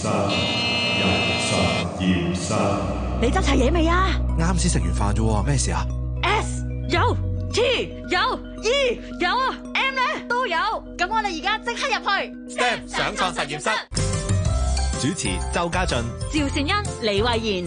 十、廿、十、廿十。你執齊嘢未啊？啱先食完飯啫，咩事啊？S 有，T 有，E 有，M 呢都有。咁我哋而家即刻入去。STEM 上創實驗室。主持：周家俊、趙善恩、李慧嫻。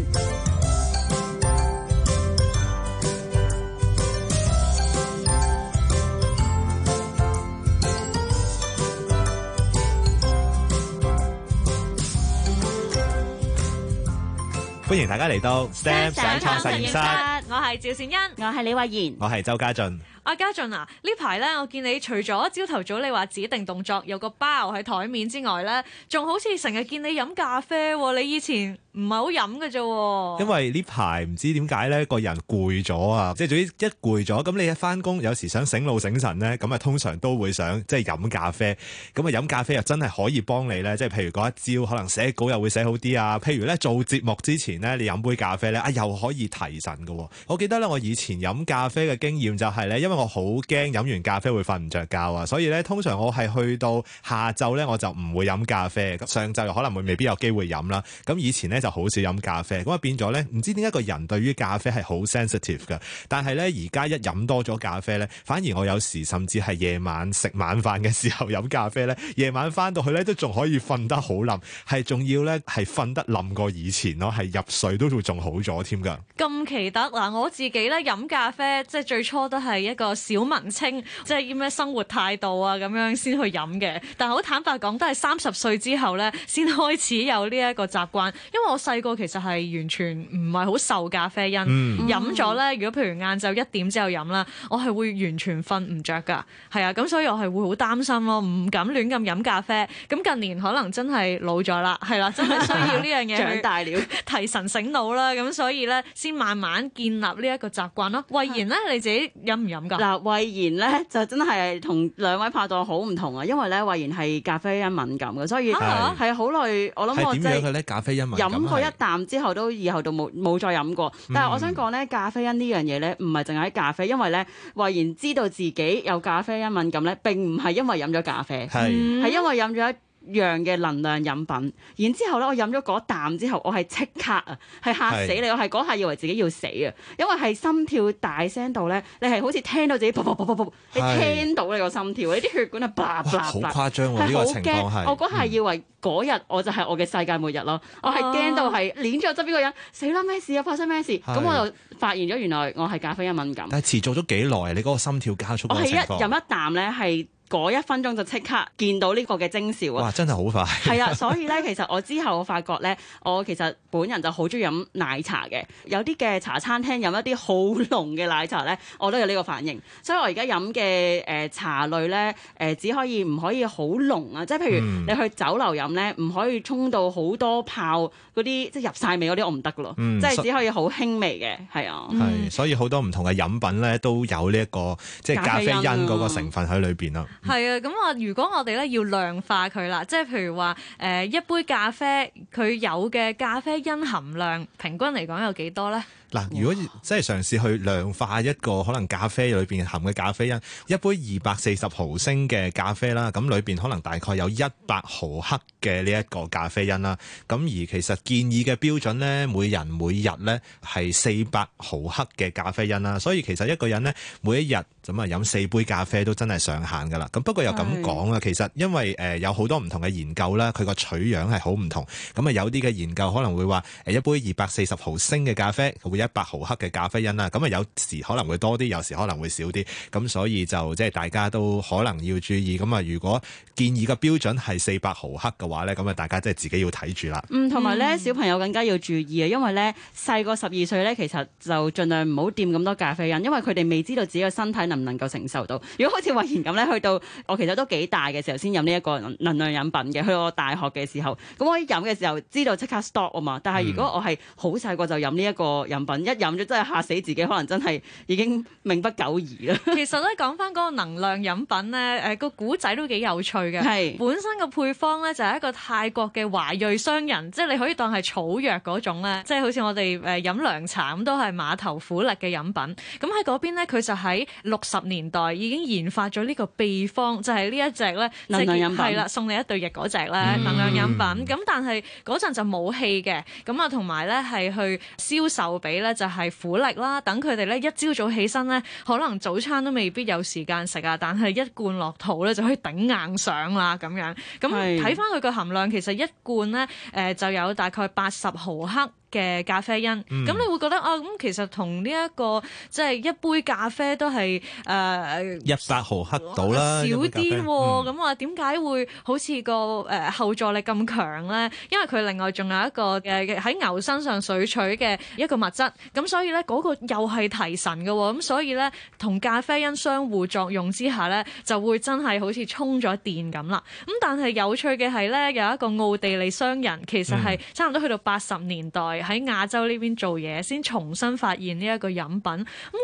歡迎大家嚟到 Sam 上創實驗室，我係趙善恩，我係李慧賢，我係周家俊。阿家俊啊，呢排咧我見你除咗朝頭早你話指定動作有個包喺台面之外咧，仲好似成日見你飲咖啡。你以前唔係好飲嘅啫。因為呢排唔知點解咧，個人攰咗啊，即係總之一攰咗，咁你一翻工有時想醒腦醒神咧，咁啊通常都會想即係飲咖啡。咁啊飲咖啡又真係可以幫你咧，即係譬如嗰一朝可能寫稿又會寫好啲啊。譬如咧做節目之前咧，你飲杯咖啡咧，啊又可以提神嘅。我記得咧我以前飲咖啡嘅經驗就係咧，因為我我好驚飲完咖啡會瞓唔着覺啊，所以咧通常，我係去到下晝咧，我就唔會飲咖啡，上晝又可能會未必有機會飲啦。咁以前咧就好少飲咖啡，咁啊變咗咧唔知點解個人對於咖啡係好 sensitive 噶，但係咧而家一飲多咗咖啡咧，反而我有時甚至係夜晚食晚飯嘅時候飲咖啡咧，夜晚翻到去咧都仲可以瞓得好冧，係仲要咧係瞓得冧過以前咯，係入睡都會仲好咗添噶。咁奇特嗱，啊，我自己咧飲咖啡即係最初都係一。個小文青即係啲咩生活態度啊咁樣先去飲嘅，但係好坦白講，都係三十歲之後咧先開始有呢一個習慣。因為我細個其實係完全唔係好受咖啡因，嗯、飲咗咧，如果譬如晏晝一點之後飲啦，我係會完全瞓唔着㗎。係啊，咁所以我係會好擔心咯，唔敢亂咁飲咖啡。咁近年可能真係老咗啦，係啦、啊，真係需要呢樣嘢去提神醒腦啦。咁所以咧，先慢慢建立呢一個習慣咯。魏然咧，你自己飲唔飲？嗱，慧然咧就真係同兩位拍檔好唔同啊，因為咧慧然係咖啡因敏感嘅，所以係係好耐。我諗我真係點樣嘅咧？咖啡因敏感飲過一啖之後，都以後都冇冇再飲過。嗯、但係我想講咧，咖啡因呢樣嘢咧，唔係淨係喺咖啡，因為咧慧然知道自己有咖啡因敏感咧，並唔係因為飲咗咖啡，係是、嗯、因為飲咗。樣嘅能量飲品，然之後咧，我飲咗嗰啖之後，我係即刻啊，係嚇死你！是我係嗰下以為自己要死啊，因為係心跳大聲到咧，你係好似聽到自己噗噗噗噗噗，是你聽到你個心跳，你啲血管嘩嘩嘩啊，哇！好誇張喎，呢個情況係我嗰下以為嗰日我就係我嘅世界末日咯，嗯、我係驚到係攣咗側邊個人死啦咩事啊，又發生咩事？咁是我就發現咗原來我係咖啡因敏感。但係持續咗幾耐你嗰個心跳加速我係一飲一啖咧係。嗰一分鐘就即刻見到呢個嘅徵兆啊！哇，真係好快！係 啊，所以咧，其實我之後我發覺咧，我其實本人就好中意飲奶茶嘅。有啲嘅茶餐廳飲一啲好濃嘅奶茶咧，我都有呢個反應。所以我而家飲嘅誒茶類咧，誒、呃、只可以唔可以好濃啊？即係譬如你去酒樓飲咧，唔、嗯、可以沖到好多泡嗰啲，即係入晒味嗰啲，我唔得噶咯。嗯、即係只可以好輕微嘅，係啊。係是，嗯、所以好多唔同嘅飲品咧都有呢、這、一個即係咖啡因嗰個成分喺裏邊咯。係啊，咁我如果我哋咧要量化佢啦，即係譬如話，誒一杯咖啡佢有嘅咖啡因含量平均嚟講有幾多咧？嗱，如果即係嘗試去量化一個可能咖啡裏邊含嘅咖啡因，一杯二百四十毫升嘅咖啡啦，咁裏邊可能大概有一百毫克嘅呢一個咖啡因啦。咁而其實建議嘅標準咧，每人每日咧係四百毫克嘅咖啡因啦。所以其實一個人咧，每一日咁啊飲四杯咖啡都真係上限噶啦。咁不過又咁講啦，是其實因為誒、呃、有好多唔同嘅研究啦，佢個取樣係好唔同。咁啊有啲嘅研究可能會話誒一杯二百四十毫升嘅咖啡一百毫克嘅咖啡因啦，咁啊有時可能會多啲，有時可能會少啲，咁所以就即係大家都可能要注意，咁啊如果建議嘅標準係四百毫克嘅話咧，咁啊大家即係自己要睇住啦。嗯，同埋咧，小朋友更加要注意啊，因為咧細個十二歲咧，其實就盡量唔好掂咁多咖啡因，因為佢哋未知道自己嘅身體能唔能夠承受到。如果好似慧賢咁咧，去到我其實都幾大嘅時候先飲呢一個能量飲品嘅，去到我大學嘅時候，咁我飲嘅時候知道即刻 stop 啊嘛，但係如果我係好細個就飲呢一個飲一飲咗真係嚇死自己，可能真係已經命不久矣啦。 其實咧，講翻嗰個能量飲品咧，誒個古仔都幾有趣嘅。係是本身個配方咧就係、是、一個泰國嘅華裔商人，即係你可以當係草藥嗰種咧，即係好似我哋誒飲涼茶咁，都係碼頭苦力嘅飲品。咁喺嗰邊咧，佢就喺六十年代已經研發咗呢個秘方，就係、是、呢一隻咧，係啦，送你一對翼嗰隻咧能量飲品。咁但係嗰陣就冇氣嘅，咁啊同埋咧係去銷售俾。咧就係苦力啦，等佢哋咧一朝早起身咧，可能早餐都未必有時間食啊，但係一罐落肚咧就可以頂硬上啦，咁樣。咁睇翻佢個含量，其實一罐咧，誒、呃、就有大概八十毫克。嘅咖啡因，咁、嗯、你會覺得啊，咁、哦、其實同呢一個即係、就是、一杯咖啡都係誒一百毫克到啦，少啲喎，咁話點解會好似、那個誒、呃、後坐力咁強咧？因為佢另外仲有一個誒喺、呃、牛身上水取嘅一個物質，咁所以咧、那個又係提神嘅、哦，咁所以咧同咖啡因相互作用之下咧，就會真係好似充咗電咁啦。咁但係有趣嘅係咧，有一個奧地利商人其實係差唔多去到八十年代。嗯喺亞洲呢邊做嘢，先重新發現呢一個飲品。咁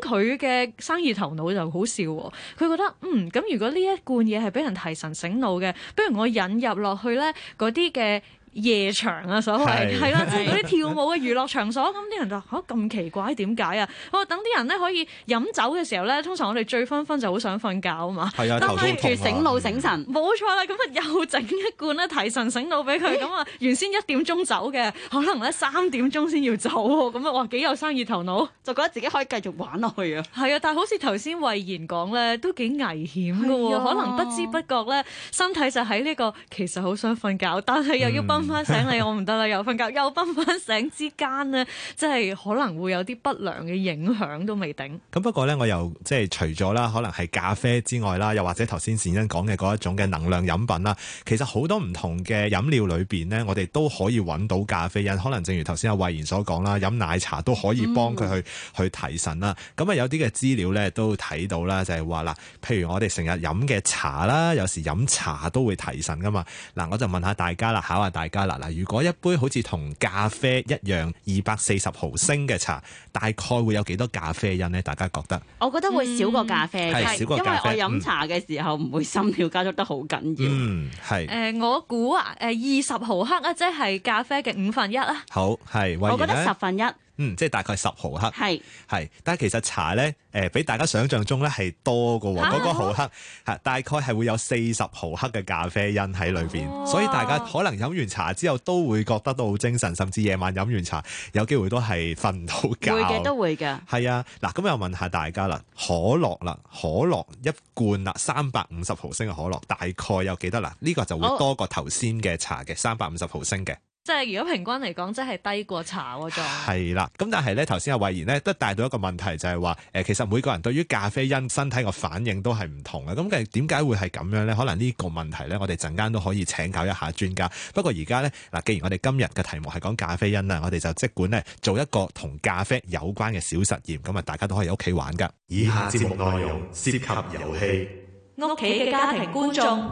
佢嘅生意頭腦就好笑喎，佢覺得嗯，咁如果呢一罐嘢係俾人提神醒腦嘅，不如我引入落去咧嗰啲嘅。夜場啊，所謂係啦，即係嗰啲跳舞嘅娛樂場所，咁啲人就嚇咁奇怪，點解啊？我等啲人咧可以飲酒嘅時候咧，通常我哋醉醺醺就好想瞓覺啊嘛。係的啊，頭痛醒腦醒神，冇錯啦。咁啊，又整一罐咧提神醒腦俾佢。咁啊咦，原先一點鐘走嘅，可能咧三點鐘先要走喎。咁啊，哇，幾有生意頭腦，就覺得自己可以繼續玩落去啊。係啊，但係好似頭先魏然講咧，都幾危險嘅喎的。可能不知不覺咧，身體就喺呢、這個其實好想瞓覺，但係又要崩、嗯。瞓醒你，我唔得啦！又瞓覺，又瞓翻醒之間呢，即係可能會有啲不良嘅影響都未定。咁不過呢，我又即係除咗啦，可能係咖啡之外啦，又或者頭先善欣講嘅嗰一種嘅能量飲品啦，其實好多唔同嘅飲料裏邊呢，我哋都可以揾到咖啡因。可能正如頭先阿慧賢所講啦，飲奶茶都可以幫佢去、嗯、去提神啦。咁啊，有啲嘅資料呢，都睇到啦，就係話啦，譬如我哋成日飲嘅茶啦，有時飲茶都會提神㗎嘛。嗱，我就問下大家啦，考下大家。嗱，如果一杯好似同咖啡一樣，二百四十毫升嘅茶，大概會有幾多咖啡因呢？大家覺得？我覺得會少過咖啡，少過咖啡因為我飲茶嘅時候唔會心跳加速得好緊要。嗯，係。呃，我估啊，二十毫克啊，即係咖啡嘅五分一啦。好，係。我覺得十分一。嗯，即係大概十毫克，係係是。但係其實茶呢，誒、呃，比大家想像中呢係多嘅喎。嗰、啊、個毫克吓、啊，大概係會有四十毫克嘅咖啡因喺裏邊，哦、所以大家可能飲完茶之後都會覺得都好精神，甚至夜晚飲完茶有機會都係瞓唔到覺。會嘅都會嘅。係啊，嗱，咁又問下大家啦，可樂啦，可樂一罐啦，三百五十毫升嘅可樂，大概有幾多啦？呢、這個就會多過頭先嘅茶嘅，三百五十毫升嘅。即係如果平均嚟講，真係低過茶嗰種係啦。咁 但係咧，頭先阿慧賢咧都帶到一個問題，就係話誒，其實每個人對於咖啡因身體個反應都係唔同嘅。咁嘅點解會係咁樣咧？可能呢個問題咧，我哋陣間都可以請教一下專家。不過而家咧嗱，既然我哋今日嘅題目係講咖啡因啦，我哋就即管咧做一個同咖啡有關嘅小實驗。咁啊，大家都可以喺屋企玩噶。以下節目內容涉及遊戲，屋企嘅家庭觀眾，觀眾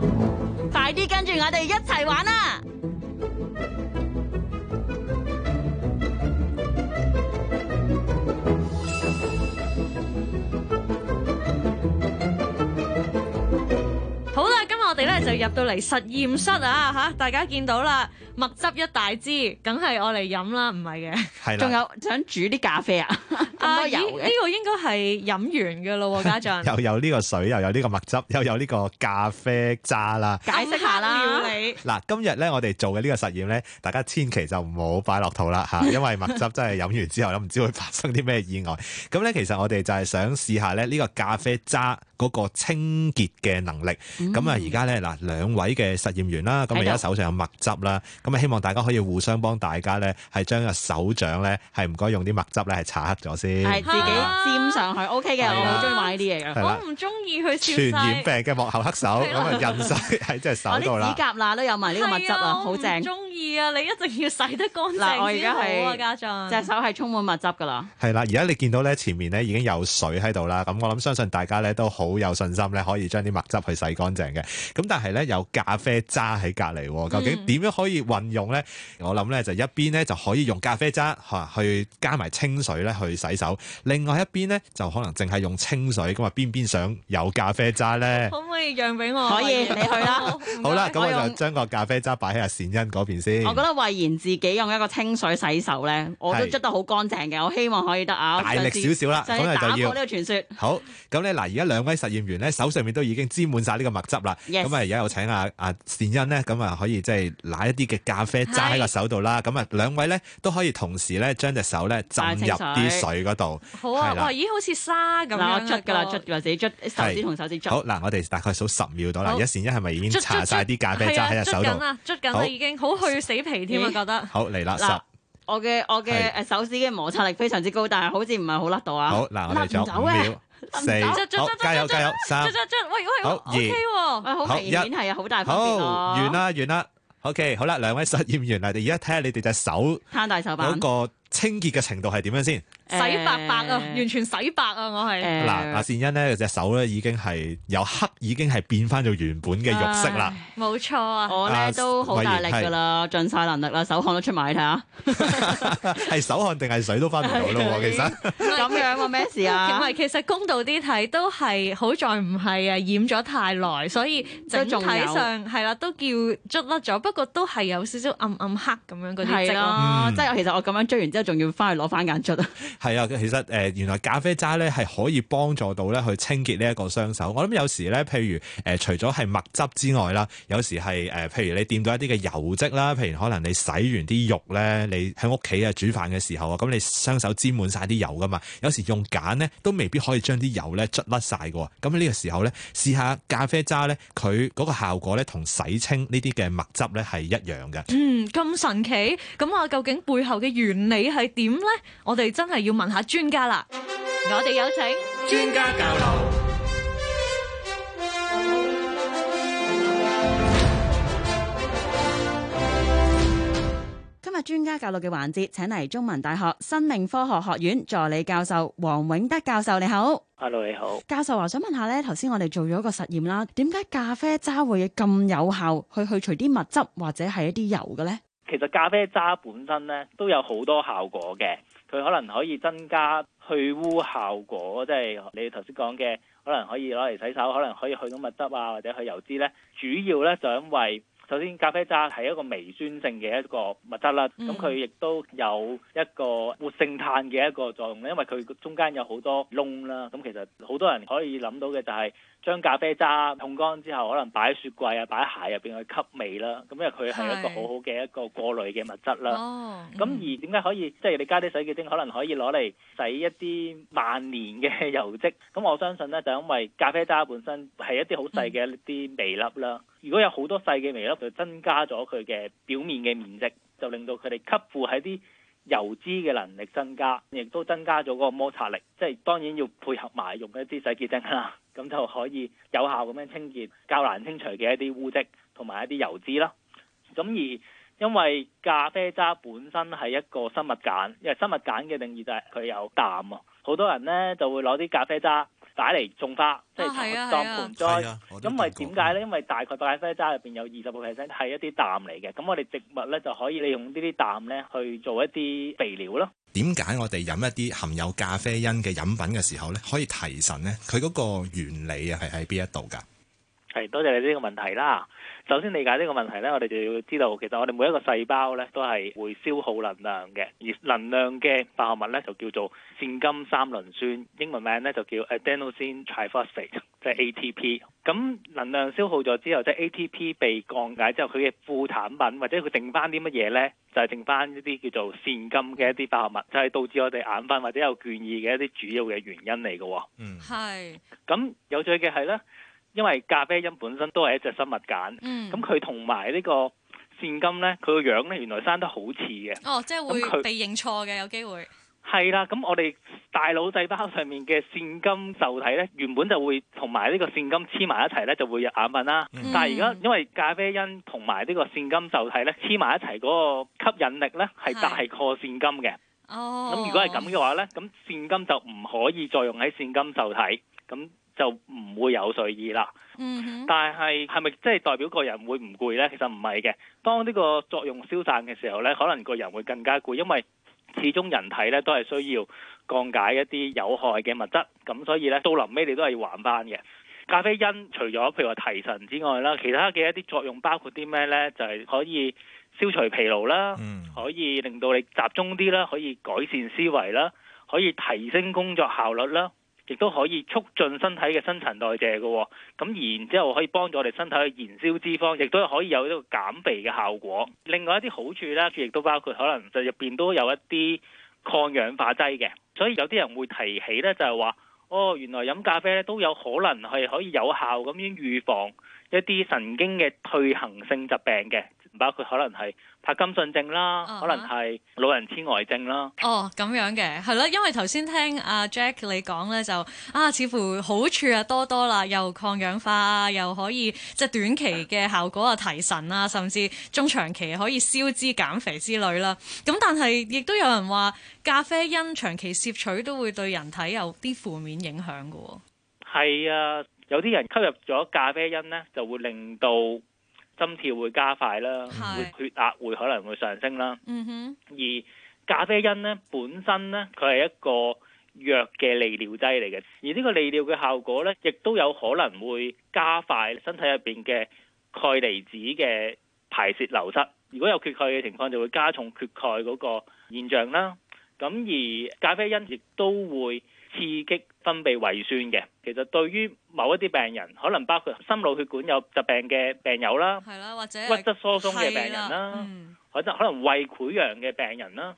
快啲跟住我哋一齊玩啦！就入到嚟實驗室啊嚇！大家見到啦，墨汁一大支，梗係我嚟飲啦，唔係嘅。仲 有想煮啲咖啡啊！ 呢、啊，這個應該係飲完嘅咯喎，家陣又 有呢個水，又有呢個墨汁，又有呢個咖啡渣啦。解釋下啦。嗱，今日呢我哋做嘅呢個實驗呢，大家千祈就唔好擺落肚啦嚇，因為墨汁真係飲完之後，都唔 知會發生啲咩意外。咁呢，其實我哋就係想試下咧呢個咖啡渣嗰個清潔嘅能力。咁啊、嗯，而家呢嗱，兩位嘅實驗員啦，咁而家手上有墨汁啦，咁啊的，希望大家可以互相幫大家呢，係將個手掌呢，係唔該用啲墨汁呢，係擦黑咗先。係自己沾上去 OK 嘅，我好中意買呢啲嘢㗎。我唔中意去傳染病嘅幕後黑手，咁就印晒，喺隻手度啦。我啲指甲罅都有埋呢啲物質啊，好正。唔中意啊！你一定要洗得乾淨先好啊，我而家隻手係充滿物質噶啦。係啦，而家你見到咧前面咧已經有水喺度啦。咁我諗相信大家咧都好有信心咧，可以將啲墨汁去洗乾淨嘅。咁但係咧有咖啡渣喺隔離，究竟點樣可以運用咧？我諗咧就一邊咧就可以用咖啡渣嚇去加埋清水咧去洗另外一邊呢，就可能淨係用清水咁啊！邊邊上有咖啡渣咧？可唔可以讓俾我？可以，你去啦。 好啦，咁我，用我就將個咖啡渣擺喺阿善欣嗰邊先。我覺得魏然自己用一個清水洗手咧，我都捽得好乾淨嘅。是我希望可以得啊！大力少少啦，咁啊就要打破呢個傳說。好，咁咧嗱，而家兩位實驗員咧手上面都已經沾滿晒呢個墨汁啦。咁 Yes. 啊，而家有請阿阿善欣呢，咁啊可以即係拿一啲嘅咖啡渣喺個手度啦。咁啊是，兩位咧都可以同時咧將隻手咧浸入啲水 度係啦，咦？好似沙咁樣捽噶啦，捽，或者捽手指同手指捽。好嗱，我哋大概數十秒到啦。而家扇一係咪已經搽晒啲咖啡渣喺隻手度？捽緊啦，捽緊啦，已經好去死皮添啊！覺得好嚟啦，十我嘅我嘅誒手指嘅摩擦力非常之高，但係好似唔係好甩到啊。好嗱，我哋咗五秒，四好加油加油喂，三好二好一係啊，好大方便完啦完啦，OK 好啦，兩位實驗員嚟，我哋而家睇下你哋隻手攤大手板嗰個清潔嘅程度係點樣先。洗白白啊，完全洗白啊！我係嗱，阿善欣咧，隻手咧已經係有黑，已經係變翻做原本嘅肉色啦。冇錯啊，我咧都好大力噶啦，盡晒能力啦，手汗都出埋，你睇下，係手汗定係水都翻唔到咯？其實咁樣啊，咩事啊？唔係，其實公道啲睇都係，好在唔係啊染咗太耐，所以整體上係啦，都叫捽甩咗。不過都係有少少暗暗黑咁樣嗰啲色咯。即係其實我咁樣捽完之後，仲要翻去攞翻眼捽啊。係啊、嗯，其實誒、呃、原來咖啡渣咧係可以幫助到咧去清潔呢一個雙手。我諗有時咧，譬如誒、呃、除咗係墨汁之外啦，有時係誒、呃、譬如你掂到一啲嘅油漬啦，譬如可能你洗完啲肉咧，你喺屋企啊煮飯嘅時候啊，咁你雙手沾滿晒啲油㗎嘛。有時用鹼呢都未必可以將啲油咧捽甩晒嘅。咁呢個時候咧，試下咖啡渣咧，佢嗰個效果咧同洗清呢啲嘅墨汁咧係一樣嘅。嗯，咁神奇，咁啊究竟背後嘅原理係點咧？我哋真係～要問下專家啦，我哋有請專家教導。今日專家教導嘅環節，請嚟中文大學生命科學學院助理教授黃永德教授。你好，Hello，你好，教授。話想問下呢頭先我哋做咗個實驗啦，點解咖啡渣會咁有效去去除啲物質或者係一啲油嘅呢？其實咖啡渣本身呢都有好多效果嘅。佢可能可以增加去污效果，即係你頭先講嘅，可能可以攞嚟洗手，可能可以去到物質啊，或者去油脂咧。主要咧就因為，首先，咖啡渣係一個微酸性嘅一個物質啦，咁佢亦都有一個活性炭嘅一個作用咧，因為佢中間有好多窿啦，咁、嗯、其實好多人可以諗到嘅就係將咖啡渣烘乾之後，可能擺喺雪櫃啊、擺喺鞋入邊去吸味啦，咁、嗯、因為佢係一個好好嘅一個過濾嘅物質啦。咁是、啊嗯、而點解可以即係、就是、你加啲洗潔精，可能可以攞嚟洗一啲萬年嘅油漬？咁、嗯嗯、我相信咧，就因為咖啡渣本身係一啲好細嘅一啲微粒啦。嗯嗯如果有好多細嘅微粒，就增加咗佢嘅表面嘅面積，就令到佢哋吸附喺啲油脂嘅能力增加，亦都增加咗嗰個摩擦力。即係當然要配合埋用一啲洗潔精啦，咁 就可以有效咁樣清潔較難清除嘅一啲污跡同埋一啲油脂啦。咁而因為咖啡渣本身係一個生物鹼，因為生物鹼嘅定義就係佢有氮啊，好多人呢就會攞啲咖啡渣。擺嚟種花，即係當盆栽。因為點解咧？因為大概咖啡渣入邊有二十個 percent 係一啲氮嚟嘅。咁我哋植物咧就可以利用呢啲氮咧去做一啲肥料咯。點解我哋飲一啲含有咖啡因嘅飲品嘅時候咧可以提神咧？佢嗰個原理係喺邊一度㗎？係多謝你呢個問題啦。首先理解呢個問題呢，我哋就要知道，其實我哋每一個細胞呢都係會消耗能量嘅，而能量嘅化學物呢，就叫做腺苷三磷酸，英文名呢就叫 adenosine triphosphate，即係 ATP。咁能量消耗咗之後，即係 ATP 被降解之後，佢嘅副產品或者佢剩翻啲乜嘢呢，就係、是、剩翻一啲叫做腺苷嘅一啲化學物，就係、是、導致我哋眼瞓或者有倦意嘅一啲主要嘅原因嚟嘅。嗯，係。咁有趣嘅係呢。因為咖啡因本身都係一隻生物鹼，咁佢同埋呢個腺苷呢，佢個樣呢原來生得好似嘅。哦，即係會被認錯嘅，有機會。係啦，咁我哋大腦細胞上面嘅腺苷受體呢，原本就會同埋呢個腺苷黐埋一齊呢，就會有眼瞓啦。嗯、但係而家因為咖啡因同埋呢個腺苷受體呢，黐埋一齊嗰個吸引力呢，係大過腺苷嘅。咁、哦、如果係咁嘅話呢，咁腺苷就唔可以再用喺腺苷受體咁，就唔會有睡意啦。Mm hmm. 但係係咪即係代表個人會唔攰呢？其實唔係嘅。當呢個作用消散嘅時候呢，可能個人會更加攰，因為始終人體呢都係需要降解一啲有害嘅物質。咁所以呢，到臨尾你都係要還返嘅。咖啡因除咗譬如話提神之外啦，其他嘅一啲作用包括啲咩呢？就係可以消除疲勞啦，mm hmm. 可以令到你集中啲啦，可以改善思維啦，可以提升工作效率啦。亦都可以促進身體嘅新陳代謝嘅喎，哦，咁然之後可以幫助我哋身體去燃燒脂肪，亦都可以有呢個減肥嘅效果。另外一啲好處咧，亦都包括可能就入邊都有一啲抗氧化劑嘅，所以有啲人會提起咧，就係話：哦，原來飲咖啡咧都有可能係可以有效咁樣預防一啲神經嘅退行性疾病嘅。包括可能係帕金遜症啦，uh huh. 可能係老人痴呆症啦。哦、oh，咁樣嘅係啦，因為頭先聽阿 Jack 你講咧，就啊，似乎好處啊多多啦，又抗氧化啊，又可以即係短期嘅效果啊提神啊，uh. 甚至中長期可以消脂減肥之類啦。咁但係亦都有人話咖啡因長期攝取都會對人體有啲負面影響㗎喎。係啊，有啲人吸入咗咖啡因咧，就會令到。心跳會加快啦，的血壓會可能會上升啦。嗯、哼而咖啡因咧本身呢佢係一個弱嘅利尿劑嚟嘅，而呢個利尿嘅效果呢，亦都有可能會加快身體入邊嘅鈣離子嘅排泄流失。如果有缺鈣嘅情況，就會加重缺鈣嗰個現象啦。咁而咖啡因亦都會刺激分泌胃酸嘅，其實對於某一啲病人，可能包括心腦血管有疾病嘅病友啦，係啦，或者骨質疏鬆嘅病人啦，嗯、或者可能胃潰瘍嘅病人啦，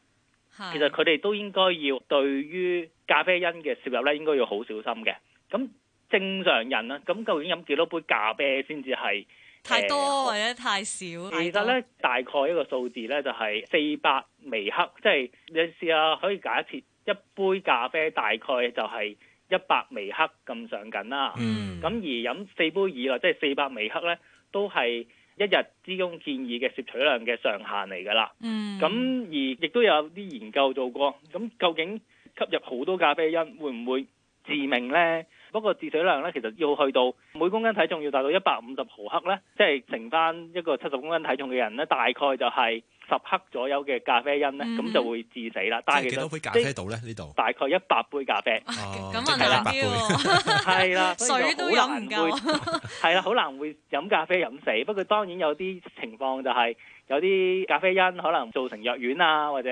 的其實佢哋都應該要對於咖啡因嘅攝入咧，應該要好小心嘅。咁正常人啦，咁究竟飲幾多杯咖啡先至係太多、呃、太多或者太少？太其實咧，大概一個數字咧就係四百微克，即、就、係、是、你試下可以假設。一杯咖啡大概就係一百微克咁上下啦，咁、mm. 而飲四杯以內，即係四百微克咧，都係一日之中建議嘅攝取量嘅上限嚟㗎啦。咁、mm. 而亦都有啲研究做過，咁究竟吸入好多咖啡因會唔會致命咧？Mm. 不過致死量咧，其實要去到每公斤體重要達到一百五十毫克咧，即係乘翻一個七十公斤體重嘅人咧，大概就係、是。十克左右嘅咖啡因咧，咁、嗯、就會致死啦。但係幾多杯咖啡度咧？呢度大概一百杯咖啡，咁啊係啦，係啦、嗯，所以水都飲唔夠，係啦， 好難會飲咖啡飲死。不過當然有啲情況就係有啲咖啡因可能造成藥丸啊，或者。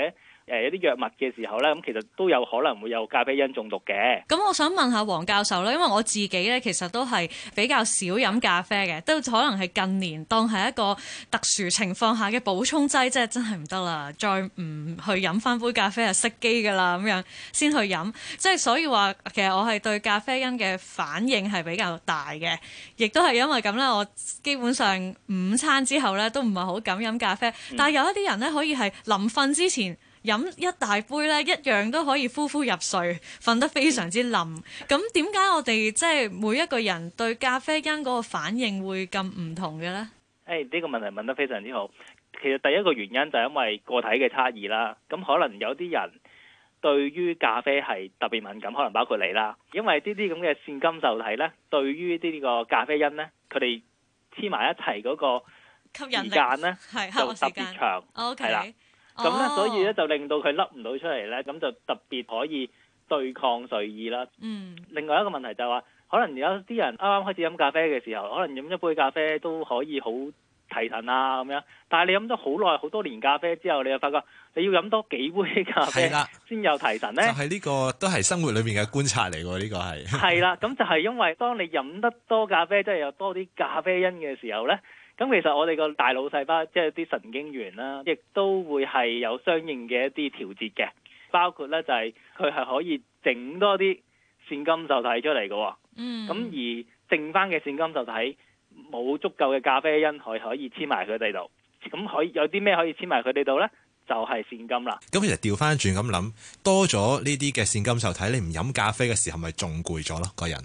誒有啲藥物嘅時候呢，咁其實都有可能會有咖啡因中毒嘅。咁我想問下黃教授啦，因為我自己呢，其實都係比較少飲咖啡嘅，都可能係近年當係一個特殊情況下嘅補充劑啫，即係真係唔得啦，再唔去飲翻杯咖啡就熄機㗎啦咁樣，先去飲。即係所以話，其實我係對咖啡因嘅反應係比較大嘅，亦都係因為咁呢，我基本上午餐之後呢都唔係好敢飲咖啡。嗯、但係有一啲人呢，可以係臨瞓之前，飲一大杯咧，一樣都可以呼呼入睡，瞓得非常之冧。咁點解我哋即係每一個人對咖啡因嗰個反應會咁唔同嘅呢？誒，呢個問題問得非常之好。其實第一個原因就係因為個體嘅差異啦。咁可能有啲人對於咖啡係特別敏感，可能包括你啦。因為呢啲咁嘅腺苷受體呢，對於呢啲個咖啡因呢，佢哋黐埋一齊嗰個時間呢，吸引力咧，就特別長係、okay. 啦。咁咧，所以咧就令到佢甩唔到出嚟咧，咁就特別可以對抗睡意啦。嗯。 另外一個問題就係話，可能有啲人啱啱開始飲咖啡嘅時候，可能飲一杯咖啡都可以好提神啊咁樣。但係你飲咗好耐、好多年咖啡之後，你又發覺你要飲多幾杯咖啡先有提神咧。就係呢個都係生活裏面嘅觀察嚟喎，呢個係。係 啦，咁就係因為當你飲得多咖啡，即係有多啲咖啡因嘅時候咧。咁其實我哋個大腦細胞，即係啲神經元啦，亦都會係有相應嘅一啲調節嘅，包括咧就係佢係可以整多啲腺苷受體出嚟嘅，哦。嗯。咁而剩翻嘅腺苷受體冇足夠嘅咖啡因可以可以黐埋佢哋度，咁可以有啲咩可以黐埋佢哋度咧？就係、是、腺苷啦。咁其實調翻轉咁諗，多咗呢啲嘅腺苷受體，你唔飲咖啡嘅時候，咪仲攰咗咯個人？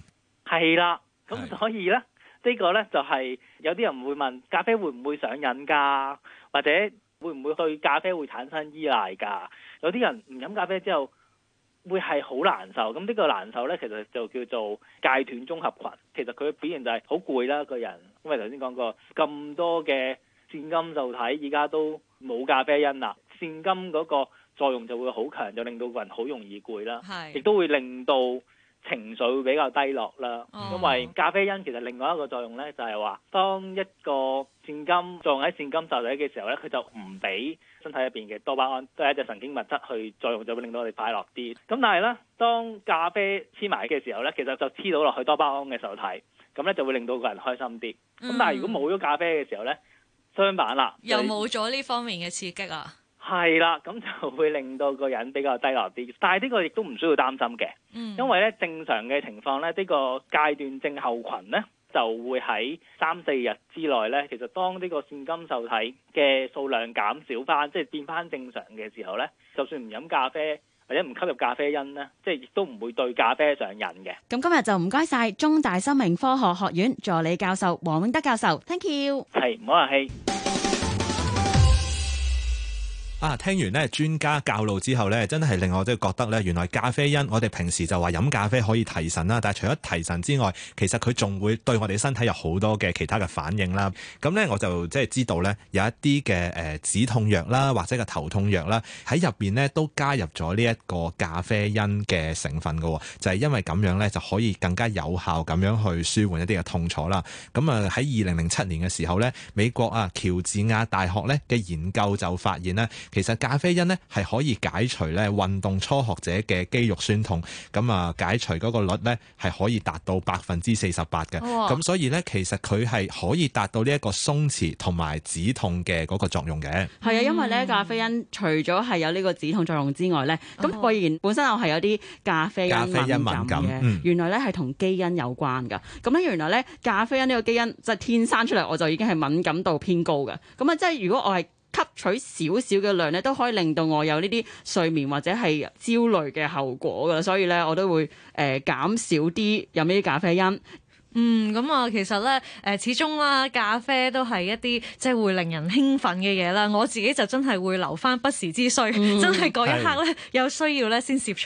係啦，咁所以咧。呢個呢，就係有啲人會問咖啡會唔會上癮㗎？或者會唔會對咖啡會產生依賴㗎？有啲人唔飲咖啡之後會係好難受。咁呢個難受呢，其實就叫做戒斷綜合群。其實佢嘅表現就係好攰啦，這個人。因為頭先講過咁多嘅腺苷就睇，而家都冇咖啡因啦，腺苷嗰個作用就會好強，就令到個人好容易攰啦。亦是都會令到。情緒會比較低落啦，oh。因為咖啡因其實另外一個作用咧，就係、是、話當一個腺苷作用喺腺苷受體嘅時候咧，佢就唔俾身體入邊嘅多巴胺，都係一隻神經物質去作用，就會令到我哋快樂啲。咁但係咧，當咖啡黐埋嘅時候咧，其實就黐到落去多巴胺嘅受體，咁咧就會令到個人開心啲。咁、mm。但係如果冇咗咖啡嘅時候咧，相反啦，又冇咗呢方面嘅刺激啊。係啦，咁就會令到個人比較低落啲，但係呢個亦都唔需要擔心嘅，嗯、因為咧正常嘅情況咧，呢、呢個階段症候群咧就會喺三四日之內咧，其實當呢個腺苷受體嘅數量減少翻，即係變翻正常嘅時候咧，就算唔飲咖啡或者唔吸入咖啡因咧，即係亦都唔會對咖啡上癮嘅。咁今日就唔該晒中大生命科學學院助理教授黃永德教授，thank you。係，唔好客氣。啊！聽完咧專家教導之後咧，真係令我即係覺得咧，原來咖啡因我哋平時就話飲咖啡可以提神啦，但係除咗提神之外，其實佢仲會對我哋身體有好多嘅其他嘅反應啦。咁咧我就即係知道咧，有一啲嘅誒止痛藥啦，或者嘅頭痛藥啦，喺入邊呢都加入咗呢一個咖啡因嘅成分㗎，就係、是、因為咁樣咧就可以更加有效咁樣去舒緩一啲嘅痛楚啦。咁啊喺二零零七年嘅時候咧，美國啊喬治亞大學咧嘅研究就發現啦。其實咖啡因咧係可以解除咧運動初學者嘅肌肉酸痛，咁啊解除嗰個率咧係可以達到百分之四十八嘅，咁、哦、所以咧其實佢係可以達到呢一個鬆弛同埋止痛嘅嗰個作用嘅。係啊，因為咧咖啡因除咗係有呢個止痛作用之外咧，咁固、嗯、然本身我係有啲咖，咖啡因敏感，敏感、嗯、原來咧係同基因有關噶。咁咧原來咧咖啡因呢個基因即係、天生出嚟，我就已經係敏感度偏高嘅。咁啊，即係如果我係吸取少少嘅量咧，都可以令到我有呢啲睡眠或者係焦慮嘅後果㗎，所以咧我都會誒減、呃、少啲飲呢啲咖啡因。嗯，咁、嗯、啊、嗯，其實咧，誒始終啦，咖啡都係一啲即係會令人興奮嘅嘢啦。我自己就真係會留返不時之需，嗯、真係嗰一刻咧是有需要咧先攝取。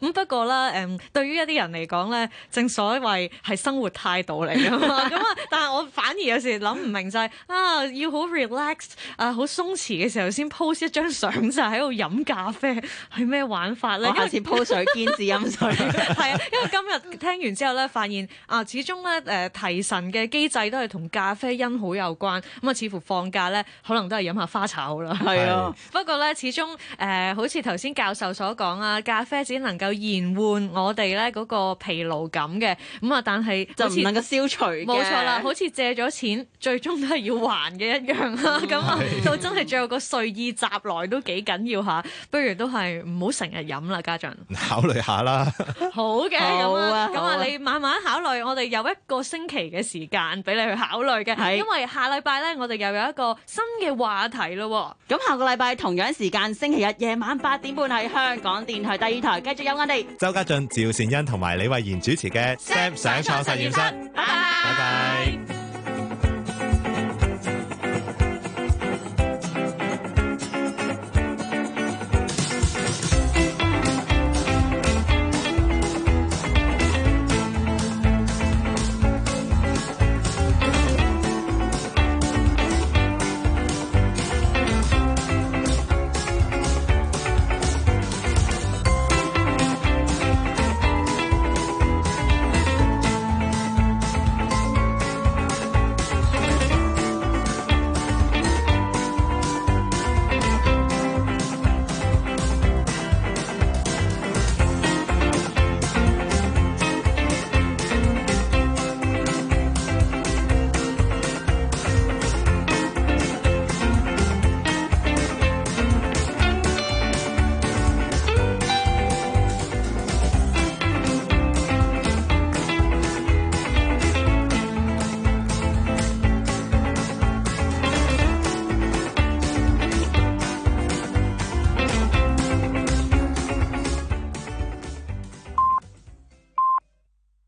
咁不過咧，誒、嗯、對於一啲人嚟講咧，正所謂係生活態度嚟㗎嘛。咁啊，但係我反而有時諗唔明就係、是、啊，要好 relaxed 啊，好鬆弛嘅時候先 post 一張相就喺度飲咖啡係咩玩法咧？我下次 po 水堅持飲水。係啊，因為今日聽完之後咧，發現啊，始終。咁、嗯、提神嘅機制都係同咖啡因好有關，咁、嗯、啊似乎放假咧，可能都係飲下花茶好啦。係啊，不過咧始終誒、呃，好似頭先教授所講啊，咖啡只能夠延緩我哋咧嗰個疲勞感嘅，咁啊但係就唔能夠消除嘅。冇錯啦，好似借咗錢，最終都係要還嘅一樣啦。咁啊、mm. 嗯，就真係最後個睡意襲來都幾緊要嚇，不如都係唔好成日飲啦，家陣考慮下啦。 好嘅的，咁啊，咁啊，啊啊你慢慢考慮，我哋有一。一個星期嘅時間俾你去考慮嘅，係是因為下禮拜呢，我哋又有一個新嘅話題咯。咁下個禮拜同樣時間，星期日夜晚八點半，喺香港電台第二台繼續有我哋周家俊、趙善恩同埋李慧賢主持嘅《Sam 上床實驗室》。拜拜。拜拜拜拜。